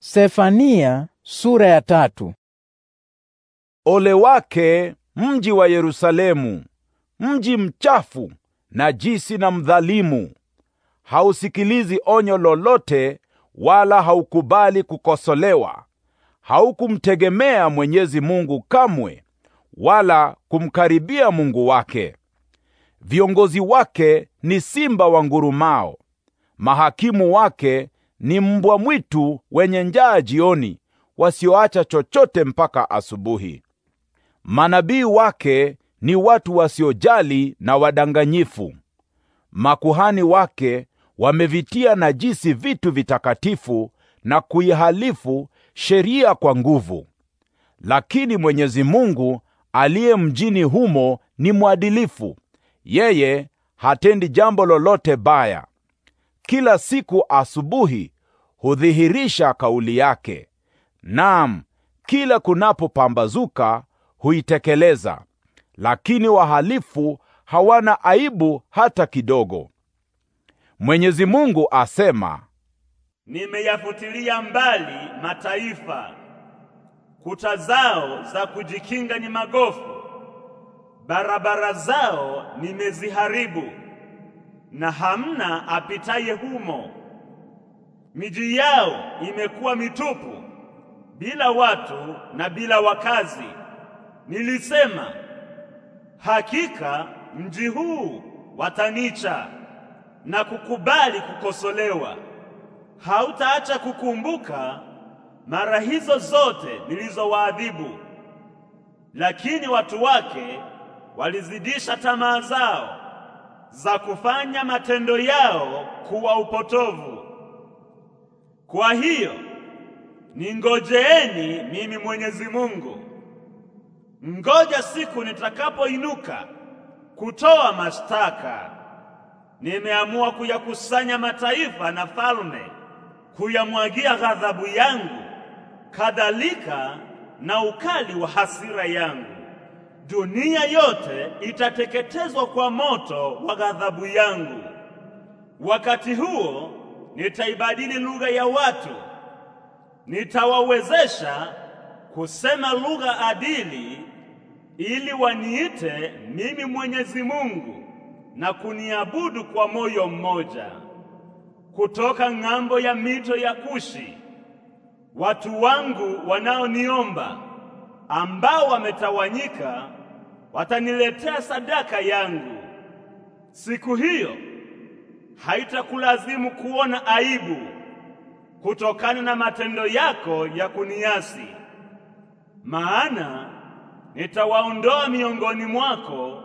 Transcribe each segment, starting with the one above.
Sefania sura ya tatu. Ole wake mji wa Yerusalemu, mji mchafu najisi na mdhalimu! Hausikilizi onyo lolote, wala haukubali kukosolewa. Haukumtegemea Mwenyezi Mungu kamwe, wala kumkaribia Mungu wake. Viongozi wake ni simba wangurumao, mahakimu wake ni mbwa mwitu wenye njaa jioni, wasioacha chochote mpaka asubuhi. Manabii wake ni watu wasiojali na wadanganyifu. Makuhani wake wamevitia najisi vitu vitakatifu na kuihalifu sheria kwa nguvu. Lakini Mwenyezi Mungu aliye mjini humo ni mwadilifu, yeye hatendi jambo lolote baya. Kila siku asubuhi hudhihirisha kauli yake. Naam, kila kunapopambazuka huitekeleza, lakini wahalifu hawana aibu hata kidogo. Mwenyezi Mungu asema, nimeyafutilia mbali mataifa, kuta zao za kujikinga ni magofu, barabara zao nimeziharibu na hamna apitaye humo miji yao imekuwa mitupu bila watu na bila wakazi. Nilisema, hakika mji huu watanicha na kukubali kukosolewa. Hautaacha kukumbuka mara hizo zote nilizowaadhibu. Lakini watu wake walizidisha tamaa zao za kufanya matendo yao kuwa upotovu. Kwa hiyo ningojeeni mimi Mwenyezi Mungu, ngoja siku nitakapoinuka kutoa mashtaka. Nimeamua kuyakusanya mataifa na falme, kuyamwagia ghadhabu yangu, kadhalika na ukali wa hasira yangu. Dunia yote itateketezwa kwa moto wa ghadhabu yangu. Wakati huo nitaibadili lugha ya watu, nitawawezesha kusema lugha adili, ili waniite mimi Mwenyezi Mungu na kuniabudu kwa moyo mmoja. Kutoka ng'ambo ya mito ya Kushi watu wangu wanaoniomba, ambao wametawanyika, wataniletea sadaka yangu siku hiyo haitakulazimu kuona aibu kutokana na matendo yako ya kuniasi, maana nitawaondoa miongoni mwako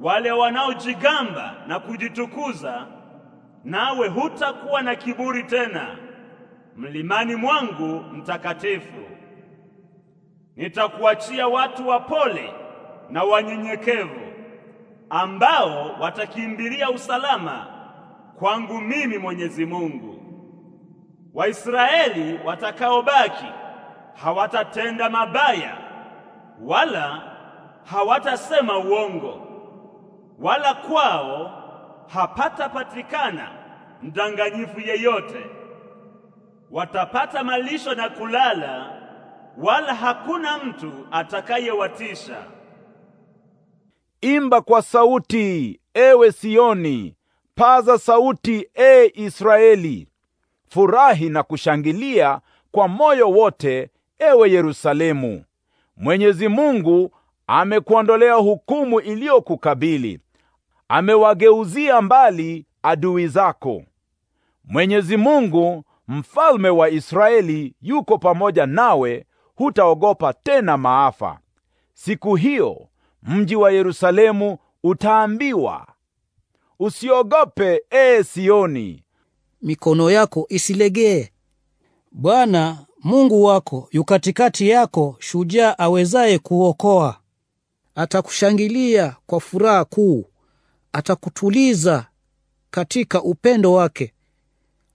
wale wanaojigamba na kujitukuza, nawe hutakuwa na kiburi tena mlimani mwangu mtakatifu. Nitakuachia watu wapole na wanyenyekevu ambao watakimbilia usalama kwangu mimi Mwenyezi Mungu. Waisraeli watakaobaki hawatatenda mabaya wala hawatasema uongo, wala kwao hapatapatikana mdanganyifu yeyote. Watapata malisho na kulala, wala hakuna mtu atakayewatisha. Imba kwa sauti, ewe Sioni, Paza sauti, e Israeli, furahi na kushangilia kwa moyo wote, ewe Yerusalemu. Mwenyezi Mungu amekuondolea hukumu iliyokukabili, amewageuzia mbali adui zako. Mwenyezi Mungu mfalme wa Israeli yuko pamoja nawe, hutaogopa tena maafa. Siku hiyo mji wa Yerusalemu utaambiwa Usiogope, ee Sioni, mikono yako isilegee. Bwana Mungu wako yu katikati yako, shujaa awezaye kuokoa. Atakushangilia kwa furaha kuu, atakutuliza katika upendo wake,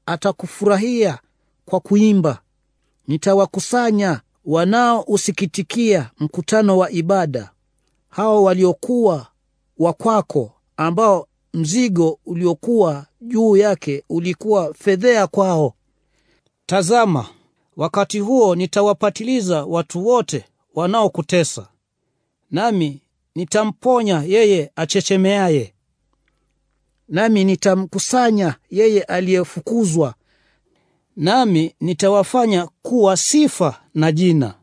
atakufurahia kwa kuimba. Nitawakusanya wanaousikitikia mkutano wa ibada, hao waliokuwa wa kwako, ambao mzigo uliokuwa juu yake ulikuwa fedhea kwao. Tazama, wakati huo nitawapatiliza watu wote wanaokutesa, nami nitamponya yeye achechemeaye, nami nitamkusanya yeye aliyefukuzwa, nami nitawafanya kuwa sifa na jina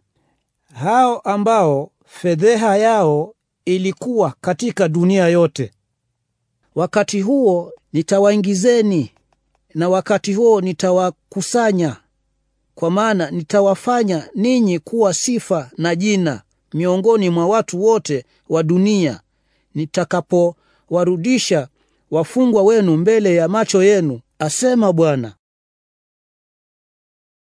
hao ambao fedheha yao ilikuwa katika dunia yote. Wakati huo nitawaingizeni, na wakati huo nitawakusanya, kwa maana nitawafanya ninyi kuwa sifa na jina miongoni mwa watu wote wa dunia, nitakapowarudisha wafungwa wenu mbele ya macho yenu, asema Bwana.”